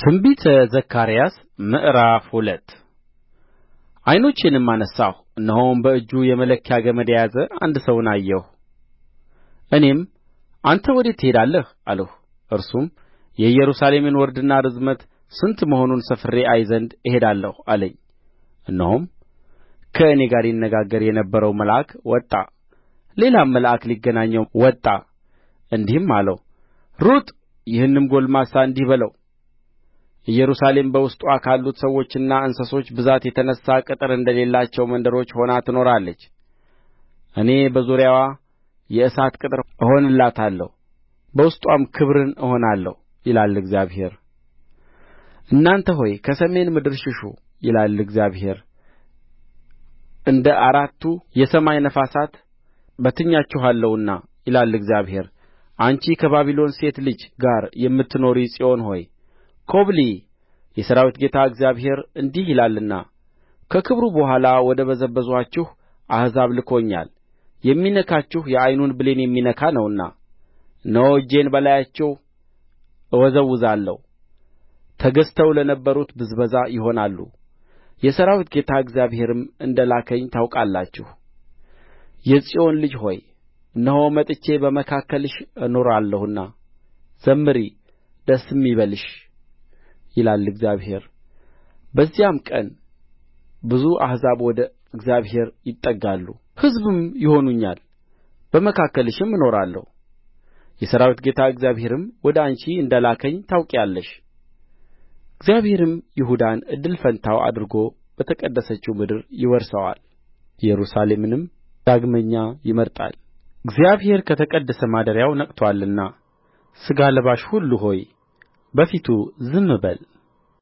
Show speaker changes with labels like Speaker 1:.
Speaker 1: ትንቢተ ዘካርያስ ምዕራፍ ሁለት ዓይኖቼንም አነሣሁ እነሆም በእጁ የመለኪያ ገመድ የያዘ አንድ ሰውን አየሁ እኔም አንተ ወዴት ትሄዳለህ አልሁ እርሱም የኢየሩሳሌምን ወርድና ርዝመት ስንት መሆኑን ሰፍሬ አይ ዘንድ እሄዳለሁ አለኝ እነሆም ከእኔ ጋር ይነጋገር የነበረው መልአክ ወጣ ሌላም መልአክ ሊገናኘው ወጣ እንዲህም አለው ሩጥ ይህንም ጕልማሳ እንዲህ በለው ኢየሩሳሌም በውስጥዋ ካሉት ሰዎችና እንስሶች ብዛት የተነሣ ቅጥር እንደሌላቸው መንደሮች ሆና ትኖራለች እኔ በዙሪያዋ የእሳት ቅጥር እሆንላታለሁ በውስጥዋም ክብርን እሆናለሁ ይላል እግዚአብሔር እናንተ ሆይ ከሰሜን ምድር ሽሹ ይላል እግዚአብሔር እንደ አራቱ የሰማይ ነፋሳት በትኛችኋለሁና ይላል እግዚአብሔር አንቺ ከባቢሎን ሴት ልጅ ጋር የምትኖሪ ጽዮን ሆይ ኰብልዪ የሠራዊት ጌታ እግዚአብሔር እንዲህ ይላልና ከክብሩ በኋላ ወደ በዘበዙአችሁ አሕዛብ ልኮኛል የሚነካችሁ የዓይኑን ብሌን የሚነካ ነውና እነሆ እጄን በላያቸው እወዘውዛለሁ ተገዝተው ለነበሩት ብዝበዛ ይሆናሉ የሠራዊት ጌታ እግዚአብሔርም እንደ ላከኝ ታውቃላችሁ የጽዮን ልጅ ሆይ እነሆ መጥቼ በመካከልሽ እኖራለሁና ዘምሪ ደስም ይበልሽ ይላል እግዚአብሔር በዚያም ቀን ብዙ አሕዛብ ወደ እግዚአብሔር ይጠጋሉ ሕዝብም ይሆኑኛል በመካከልሽም እኖራለሁ የሠራዊት ጌታ እግዚአብሔርም ወደ አንቺ እንደ ላከኝ ታውቂያለሽ። እግዚአብሔርም ይሁዳን እድል ፈንታው አድርጎ በተቀደሰችው ምድር ይወርሰዋል ኢየሩሳሌምንም ዳግመኛ ይመርጣል እግዚአብሔር ከተቀደሰ ማደሪያው ነቅቶአልና ሥጋ ለባሽ ሁሉ ሆይ በፊቱ ዝም በል